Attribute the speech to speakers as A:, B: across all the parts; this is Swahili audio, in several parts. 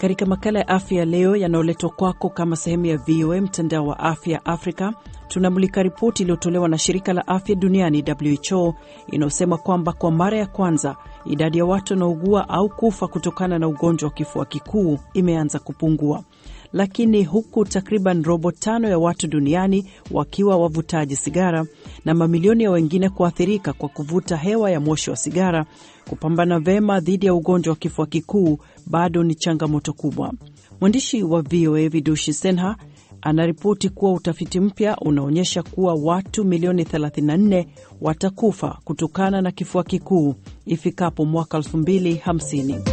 A: katika makala ya afya leo yanayoletwa kwako kama sehemu ya VOA mtandao wa afya Afrika, tunamulika ripoti iliyotolewa na shirika la afya duniani WHO inayosema kwamba kwa mara ya kwanza idadi ya watu wanaougua au kufa kutokana na ugonjwa wa kifua kikuu imeanza kupungua lakini huku takriban robo tano ya watu duniani wakiwa wavutaji sigara na mamilioni ya wengine kuathirika kwa kuvuta hewa ya moshi wa sigara, kupambana vema dhidi ya ugonjwa wa kifua kikuu bado ni changamoto kubwa. Mwandishi wa VOA Vidushi Senha anaripoti kuwa utafiti mpya unaonyesha kuwa watu milioni 34 watakufa kutokana na kifua kikuu ifikapo mwaka 2050.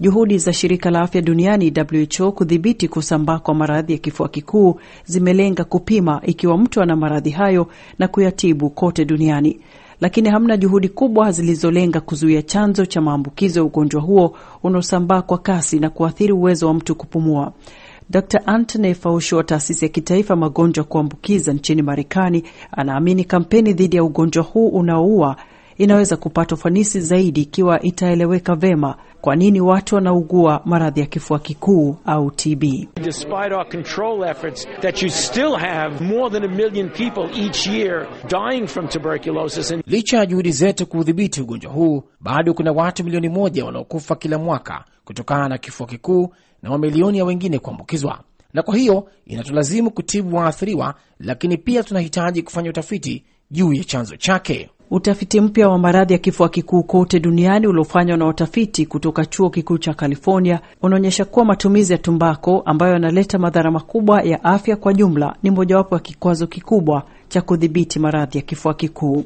A: Juhudi za shirika la afya duniani WHO kudhibiti kusambaa kwa maradhi ya kifua kikuu zimelenga kupima ikiwa mtu ana maradhi hayo na kuyatibu kote duniani, lakini hamna juhudi kubwa zilizolenga kuzuia chanzo cha maambukizo ya ugonjwa huo unaosambaa kwa kasi na kuathiri uwezo wa mtu kupumua. Dr Anthony Fauci wa taasisi ya kitaifa magonjwa kuambukiza nchini Marekani anaamini kampeni dhidi ya ugonjwa huu unaoua inaweza kupata ufanisi zaidi ikiwa itaeleweka vema kwa nini watu wanaugua maradhi ya kifua kikuu au TB.
B: Licha ya juhudi zetu kuudhibiti
C: ugonjwa huu, bado kuna watu milioni moja wanaokufa kila mwaka kutokana na kifua kikuu na mamilioni ya wengine kuambukizwa na kwa hiyo inatulazimu kutibu waathiriwa, lakini
A: pia tunahitaji kufanya utafiti juu ya chanzo chake. Utafiti mpya wa maradhi ya kifua kikuu kote duniani uliofanywa na watafiti kutoka chuo kikuu cha California unaonyesha kuwa matumizi ya tumbako ambayo yanaleta madhara makubwa ya afya kwa jumla ni mojawapo ya kikwazo kikubwa cha kudhibiti maradhi ya kifua kikuu.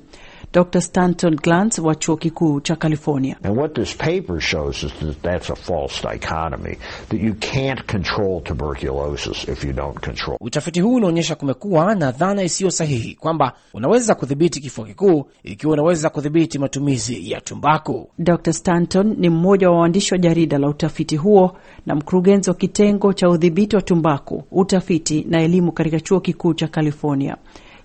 A: Dr. Stanton Glantz wa chuo
B: kikuu cha California. And what this paper shows is that that's a false dichotomy, that you can't control tuberculosis if you don't control. Utafiti huu unaonyesha kumekuwa na
C: dhana isiyo sahihi kwamba unaweza kudhibiti kifua kikuu ikiwa unaweza kudhibiti matumizi ya
A: tumbaku. Dr. Stanton ni mmoja wa waandishi wa jarida la utafiti huo na mkurugenzi wa kitengo cha udhibiti wa tumbaku, utafiti na elimu katika chuo kikuu cha California.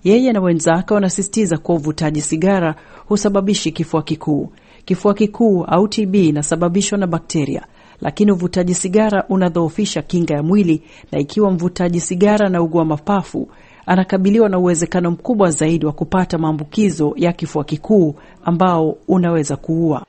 A: Yeye na wenzake wanasisitiza kuwa uvutaji sigara husababishi kifua kikuu. Kifua kikuu au TB inasababishwa na bakteria, lakini uvutaji sigara unadhoofisha kinga ya mwili, na ikiwa mvutaji sigara anaugua mapafu anakabiliwa na uwezekano mkubwa zaidi wa kupata maambukizo ya kifua kikuu ambao
B: unaweza kuua.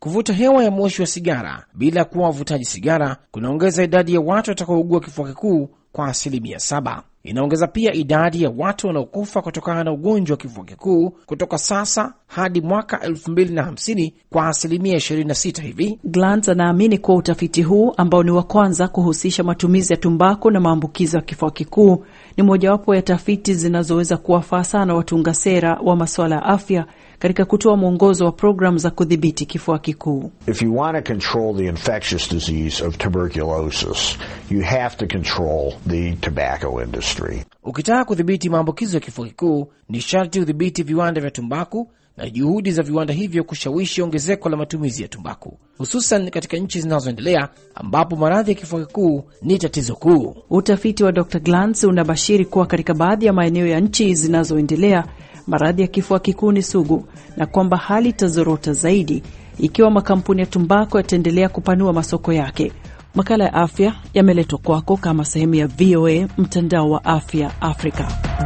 C: Kuvuta hewa ya moshi wa sigara bila kuwa wavutaji sigara kunaongeza idadi ya watu watakaougua kifua kikuu kwa asilimia saba inaongeza pia idadi ya watu wanaokufa kutokana na ugonjwa wa kifua kikuu kutoka sasa hadi mwaka 2050 kwa
A: asilimia 26 hivi. glan anaamini kuwa utafiti huu ambao ni wa kwanza kuhusisha matumizi ya tumbaku na maambukizi ya kifua kikuu ni mojawapo ya tafiti zinazoweza kuwafaa sana watunga sera wa masuala ya afya katika kutoa mwongozo wa programu za kudhibiti
B: kifua kikuu. If you want to control the infectious disease of tuberculosis, you have to control the tobacco industry industry.
C: Ukitaka kudhibiti maambukizo ya kifua kikuu ni sharti udhibiti viwanda vya tumbaku na juhudi za viwanda hivyo kushawishi ongezeko
A: la matumizi ya tumbaku, hususan katika nchi zinazoendelea ambapo maradhi ya kifua kikuu ni tatizo kuu. Utafiti wa Dr Glantz unabashiri kuwa katika baadhi ya maeneo ya nchi zinazoendelea maradhi ya kifua kikuu ni sugu na kwamba hali itazorota zaidi ikiwa makampuni ya tumbako yataendelea kupanua masoko yake. Makala ya afya yameletwa kwako kama sehemu ya VOA mtandao wa afya Afrika.